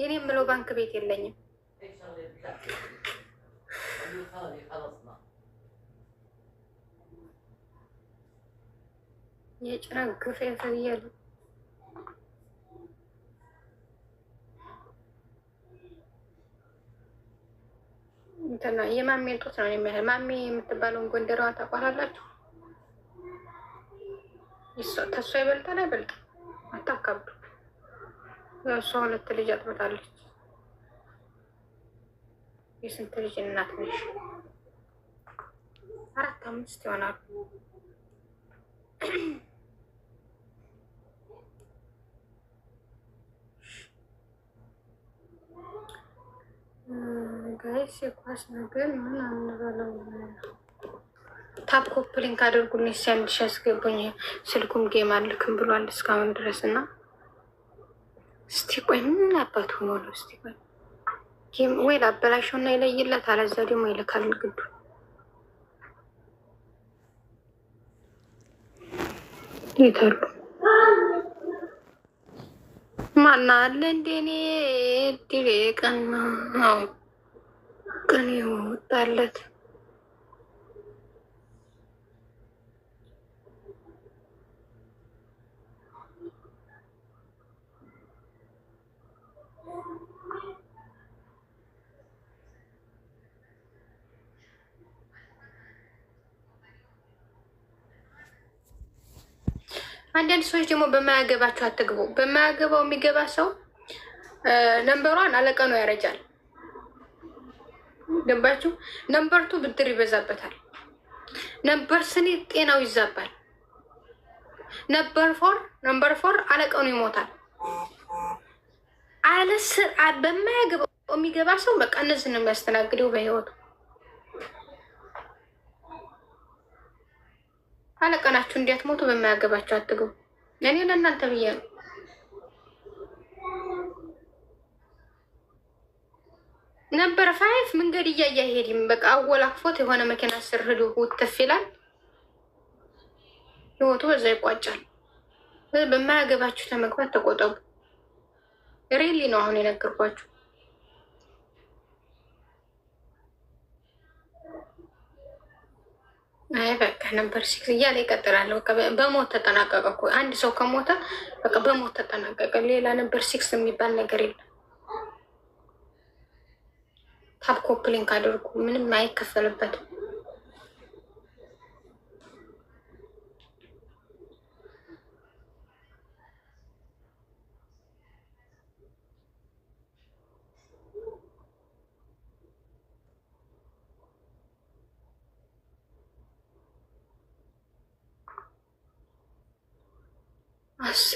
የኔ የምለው ባንክ ቤት የለኝም። የጭራ ግፍ ያሳያሉ። እንትና የማሜ ጡት ነው የሚያህል ማሜ የምትባለውን ጎንደሯን ታቋራላችሁ። ተሷ ይበልጣል አይበልጥም? አታካብዱ እሷ ሁለት ልጅ አጥብታለች። የስንት ልጅ እናት ነሽ? አራት አምስት ይሆናሉ። ጋይስ የኳስ ነገር ምን አንበለው። ታፕ ኮፕሊንክ አድርጉልኝ፣ ሲያንድሽ ያስገቡኝ። ስልኩም ጌም አልክም ብሏል እስካሁን ድረስ እና እስቲ ቆይ ምን አባት ሆኖ ነው? እስቲ ቆይ ወይ ላበላሸውና ይለይላት፣ አለዛ ደግሞ ይልካል ግዱ ይታሉ ማና አለ እንደኔ ድሬ ነው ቀን ይወጣለት አንዳንድ ሰዎች ደግሞ በማያገባቸው አትግቡ። በማያገባው የሚገባ ሰው ነንበሯን አለቀ ነው ያረጃል። ገባችሁ? ነንበርቱ ብድር ይበዛበታል። ነንበር ስኒ ጤናው ይዛባል። ነንበር ፎር ነንበር ፎር አለቀኑ ይሞታል። አለስ በማያገባው የሚገባ ሰው በቃ እነዚህ ነው የሚያስተናግደው በህይወቱ አለቀናችሁ ሞቱ በማያገባችሁ አትጉ። እኔ ለእናንተ ብዬ ነው። ነበር ፋይፍ መንገድ እያየ ሄድም በቃ አወላክፎት የሆነ መኪና ስር ሂዶ ውትፍ ይላል። ህይወቱ በዛ ይቋጫል። በማያገባችሁ ለመግባት ተቆጠቡ። ሬሊ ነው አሁን የነገርኳችሁ። አይ በቃ ነበር ሲክስ እያለ ይቀጥላል። በሞት ተጠናቀቀ እኮ አንድ ሰው ከሞተ በቃ በሞት ተጠናቀቀ። ሌላ ነበር ሲክስ የሚባል ነገር የለም። ታፕ ኮፕሊንክ አድርጉ፣ ምንም አይከፈልበትም።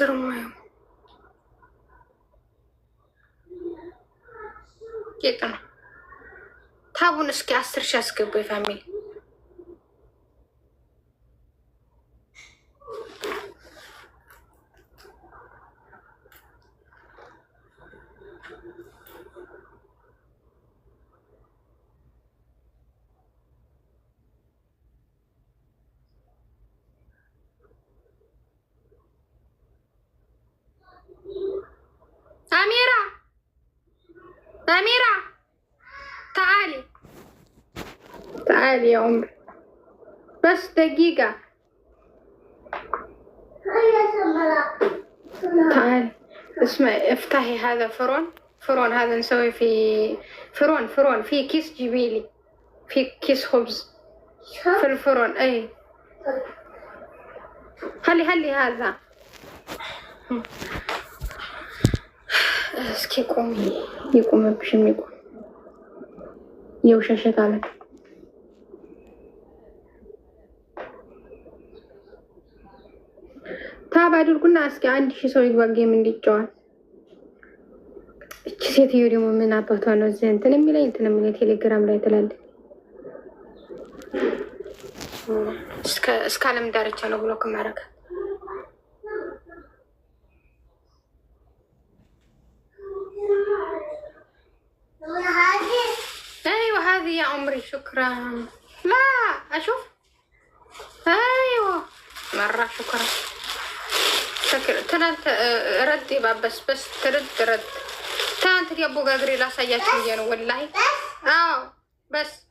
Сырмаю. ጌጥ ነው። ታቡን እስኪ አስር ሺ አስገቡ የፋሚሊ سميرة تعالي تعالي يا عمري بس دقيقة تعالي اسمعي افتحي هذا فرن فرن هذا نسوي في فرن فرن في كيس جميلي في كيس خبز في الفرن اي خلي طيب. خلي هذا እስኪ ቆም ይቁምብሽም ይቁም የውሸሸት አለ ታብ አድርጉና እስኪ አንድ ሺህ ሰው ይግባ ጌም እንዲጫወት። እቺ ሴትዮ ደግሞ ምን አባቷ ነው እዚህ እንትን የሚለኝ እንትን የሚለኝ ቴሌግራም ላይ ትላለች። እስከ አለም ዳርቻ ነው ብሎ ከማረጋት ايوه هذه يا عمري شكرا لا اشوف ايوه مرة شكرا شكرا تنا ردي بس بس ترد ترد تانت يا ابو قادري لا سياتي ولاي اه بس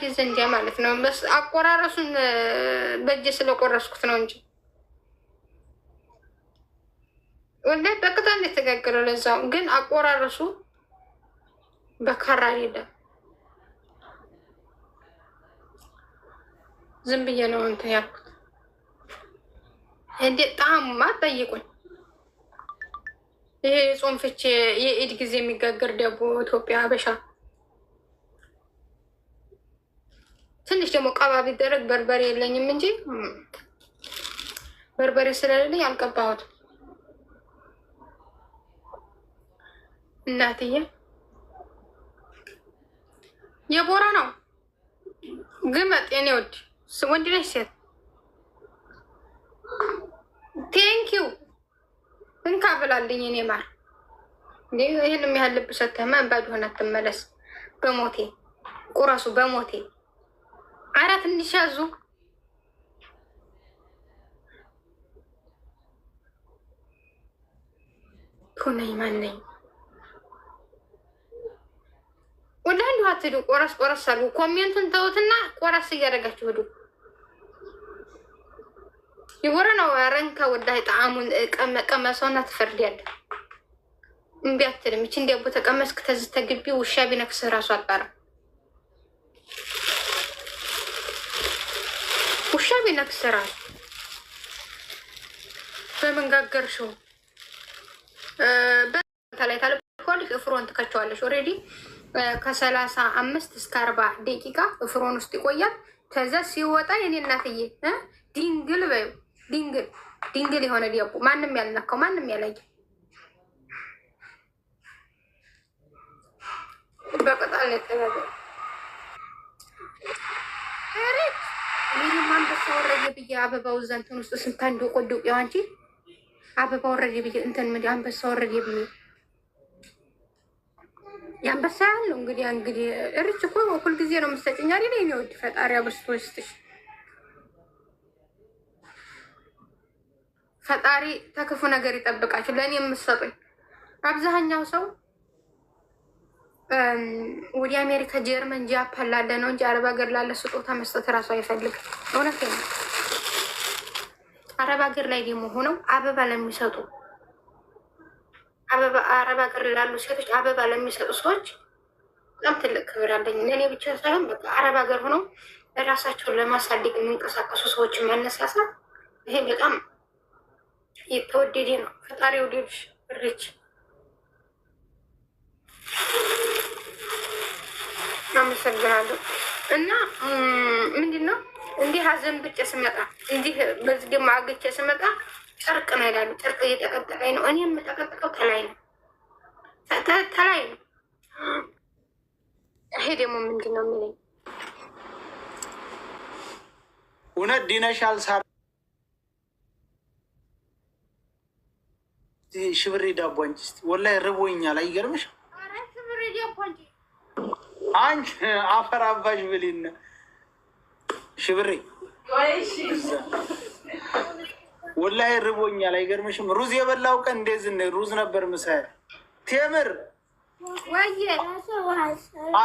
ወላጅ ዘንጃ ማለት ነው። አቆራረሱን በእጅ ስለቆረስኩት ነው እንጂ ወላሂ በቅጠል እንደተጋገረ ለዛው፣ ግን አቆራረሱ በካራ ሄደ። ዝም ብዬ ነው እንትን ያልኩት። እንዴ ጣዕሙማ ጠይቁኝ። ይሄ የጾም ፍቼ የኢድ ጊዜ የሚጋገር ደቦ ኢትዮጵያ ሀበሻ ትንሽ ደግሞ ቀባ ቢደረግ በርበሬ የለኝም እንጂ በርበሬ ስለሌለኝ አልቀባሁት። እናትዬ የቦራ ነው ግመጥ የኔ ወድ ወንድ ነች ሴት ቴንኪው እንካ ብላልኝ እኔ ማር ይህን የሚያህል ልብ ሰተህ መንባድ ሆነ ትመለስ። በሞቴ ቁረሱ በሞቴ ትንሽ ያዙ። ኩነኝ ማነኝ ወደ አንዱ አትሄዱ። ቆረስ ቆረስ አሉ። ኮሜንቱን ተውትና ቆረስ እያደረጋችሁ ሄዱ። ይወረ ነው ረንካ ወዳይ ጣዕሙን ቀመሰውና ትፈርዳለህ። እምቢ አትልም። ይቺ እንዲያቦ ተቀመስክ ተዝተግቢ ውሻ ቢነክስህ ራሱ አጣራ ላይ ይነክስራል። በምን ጋገርሽው? በላይ ታለቆል እፍሮን ትከቸዋለሽ። ኦልሬዲ ከሰላሳ አምስት እስከ አርባ ደቂቃ እፍሮን ውስጥ ይቆያል። ከዛ ሲወጣ የኔ እናትዬ ድንግል በዩ ድንግል ድንግል የሆነ ዲያቁ ማንም ያልነካው ማንም ያላየ በቅጣል ነው የተዘገ ይህም አንበሳ ወረደ ብዬ አበባው እዛ እንትን ውስጥ ስንታንዶ ቆዶቅ ያው አንቺ አበባ ወረደ ብዬ እንትን ምን አንበሳ ወረደ ብዬ የአንበሳ ያለው እንግዲህ እንግዲህ እርች እኮ ሁል ጊዜ ነው የምትሰጭኝ አይደል? የእኔ ወድ ፈጣሪ አብስቶ ይስጥሽ። ፈጣሪ ተክፉ ነገር ይጠብቃችሁ። ለእኔ የምትሰጡኝ አብዛኛው ሰው ወደ አሜሪካ፣ ጀርመን፣ ጃፓን ላለ ነው እንጂ አረብ ሀገር ላለ ስጦታ መስጠት እራሱ አይፈልግም። እውነት ነው። አረብ ሀገር ላይ ደግሞ ሆነው አበባ ለሚሰጡ አረብ ሀገር ላሉ ሴቶች አበባ ለሚሰጡ ሰዎች በጣም ትልቅ ክብር አለኝ። ለእኔ ብቻ ሳይሆን በቃ አረብ ሀገር ሆነው ራሳቸውን ለማሳደግ የሚንቀሳቀሱ ሰዎችን ማነሳሳት ይሄ በጣም የተወደደ ነው። ፈጣሪ ወደዶች ርች አመሰግናለሁ። እና ምንድን ነው እንዲህ ሀዘን ብጬ ስመጣ እንዲህ በዚህ ደግሞ አግቼ ስመጣ ጨርቅ ነው ይላሉ። ጨርቅ እየጠቀጠቀኝ ነው። እኔ የምጠቀጥቀው ከላይ ነው ተላይ ነው። ይሄ ደግሞ ምንድን ነው የሚለኝ እውነት ዲነሻል ሳ ሽብሬ ዳቧንጭ ስ ወላሂ ርቦኛል። አይገርምሽ አንቺ አፈር አባሽ ብሊነ ሽብሬ ወላሂ ርቦኛል። አይገርምሽም? ሩዝ የበላው ቀን እንደዚህ ሩዝ ነበር ምሳ ቴምር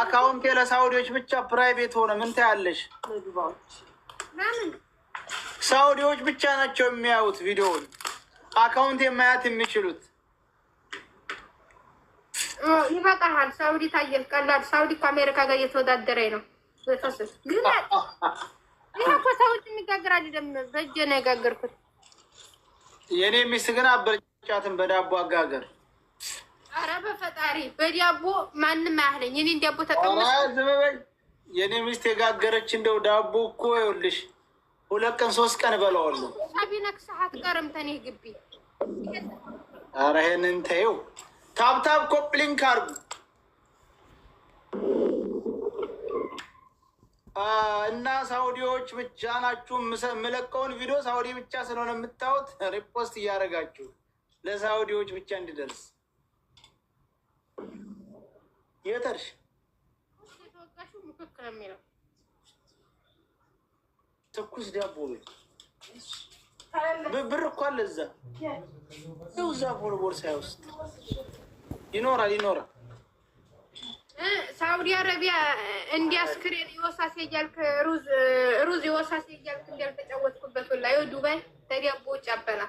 አካውንቴ ለሳውዲዎች ብቻ ፕራይቬት ሆነ። ምን ታያለሽ? ሳውዲዎች ብቻ ናቸው የሚያዩት ቪዲዮውን አካውንት የማያት የሚችሉት ይበቃሃል። ሳውዲ ታየል ቀላል። ሳውዲ ከአሜሪካ ጋር እየተወዳደረ ነው። ግን ይህ እኮ ሳውዲ የሚጋገር አይደለም። በእጄ ነው የጋገርኩት። የእኔ ሚስት ግን አበርጫትን በዳቦ አጋገር። አረ በፈጣሪ በዳቦ ማንም አያህለኝ። የኔ ዳቦ ተቀመ የእኔ ሚስት የጋገረች እንደው ዳቦ እኮ ይኸውልሽ ሁለት ቀን ሶስት ቀን እበላዋለሁ። ቢነክሰህ አትቀርም ተኔ ግቢ። አረ ይሄንን ተይው ታብታብ ኮፕሊንክ አርጉ እና ሳውዲዎች ብቻ ናችሁ የምለቀውን ቪዲዮ ሳውዲ ብቻ ስለሆነ የምታዩት ሪፖስት እያደረጋችሁ ለሳውዲዎች ብቻ እንዲደርስ የተርሽ ትኩስ ዳቦ ብር እኮ አለ እዛ እዛ ቦርቦር ይኖራል ይኖራል። ሳውዲ አረቢያ እንዲያ አስክሬን ይወሳሴ እያልክ ሩዝ ሩዝ ይወሳሴ እያልክ እንዳልተጫወትኩበት ሁላ ይኸው ዱባይ ተዳቦ ጫበላ።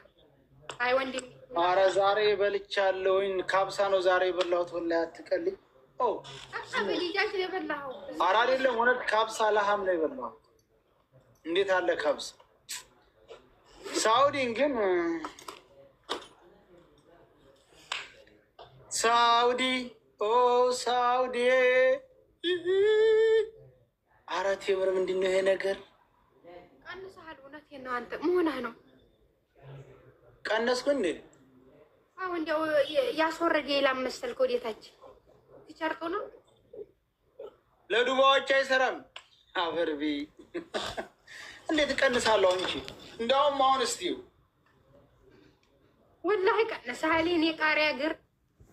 አይ ወንድሜ፣ ኧረ ዛሬ በልቻለሁኝ። ካብሳ ነው ዛሬ የበላሁት። ሁላ አትቀልኝ። ካብሳ በልጃጅ የበላኸው? ኧረ አይደለም፣ እውነት ካብሳ ለሀም ነው የበላሁት። እንዴት አለ ካብሳ ግን ሳውዲ ኦ ሳውዲ፣ ኧረ ቴምር ምንድን ነው ይሄ ነገር? ቀንሰሃል። እውነቴን ነው። አንተ መሆንህ ነው። ቀነስኩ እንዴ? አዎ፣ እንዲያው ያስወረደ የላም መሰልከው። ወዴታች ትጨርጡ ነው። ለዱባዎች አይሰራም። አበርቢ እንዴት እቀንሳለሁ አንቺ? እንዳውም አሁን እስቲ ወላሂ ቀነስሃል። እኔ ቃሪያ ግር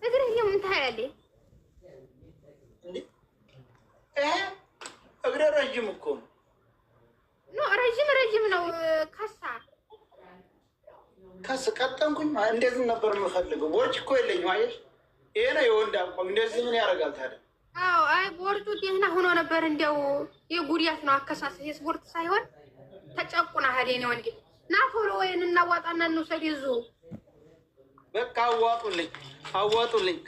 እግርህ ምን ታያለህ? እግሬ ረዥም እኮ ነው። ረዥም ረዥም ነው። ከሳ ከስ ቀጠንኩኝ። እንደዚህ ነበር የምፈልገው። ቦርጭ እኮ የለኝም። አየሽ፣ ይሄ ነው የወንድ አቋም። እንደዚህ ምን ያደርጋል ታዲያ? አዎ፣ አይ ቦርጩ ደህና ሆኖ ነበር። እንዲያው የጉድያት ነው አከሳሰ የስፖርት ሳይሆን ተጨቁናሃል። የኔ ወንድ ና ቶሎ ወይን እናዋጣና እንውሰድ ይዙ በቃ አዋጡልኝ፣ አዋጡልኝ።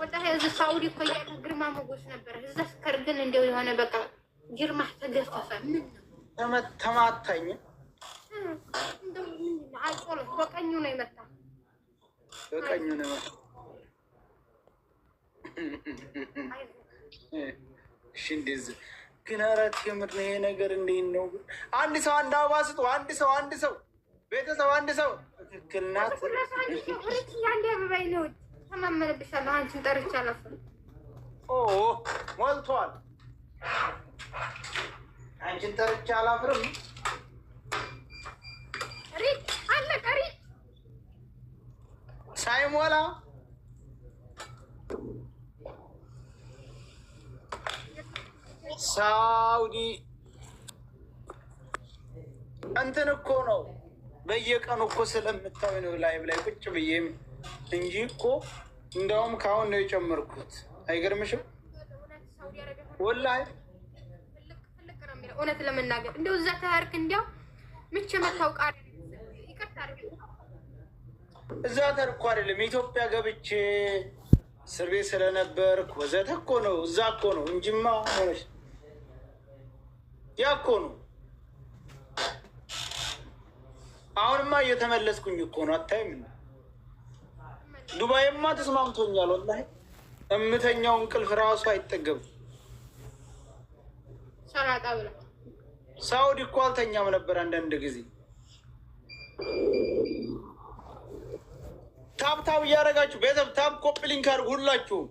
ወላሂ እዚህ ሳውዲ እኮ እያለ ግርማ ሞገስ ነበረ። እዛ ስከር ግን እንደው የሆነ በቃ ግርማ ተገፈፈ። ምን ተማታኝ። አጮለ በቀኙ ነው የመጣ በቀኙ ነው የመጣ። እሺ እንደዚህ ግን አራት የምር ነው ይሄ ነገር። እንዴት ነው አንድ ሰው አንድ አበባ ስጡ። አንድ ሰው አንድ ሰው ቤተሰብ አንድ ሰው ትክክል ናት። አንድ አበባይ ነው ተማመንብሻለሁ። አንቺን ጠርቻለሁ። ሞልቷል። አንቺን ጠርቻ አላፍርም። አለቀ። ሳይሞላ ሳውዲ እንትን እኮ ነው በየቀኑ እኮ ስለምታዩ ነው ላይቭ ላይ ቁጭ ብዬ እንጂ እኮ እንደውም ከአሁን ነው የጨመርኩት። አይገርምሽም? ወላሂ እውነት ለመናገር እንደው እዛ ተርክ እንዲያው ምቼ መታውቃ እዛ ተርኮ አይደለም ኢትዮጵያ ገብቼ እስር ቤት ስለነበርክ ወዘተ እኮ ነው እዛ እኮ ነው እንጂማ ያ እኮ ነው አሁንማ እየተመለስኩኝ እኮ ነው። አታይም? ዱባይማ ተስማምቶኛል። ወላ እምተኛው እንቅልፍ ራሱ አይጠገብም። ሳውዲ እኮ አልተኛም ነበር አንዳንድ ጊዜ ታብታብ እያደረጋችሁ ቤተሰብ ታብ ኮፕሊንግ አድርጉ ሁላችሁም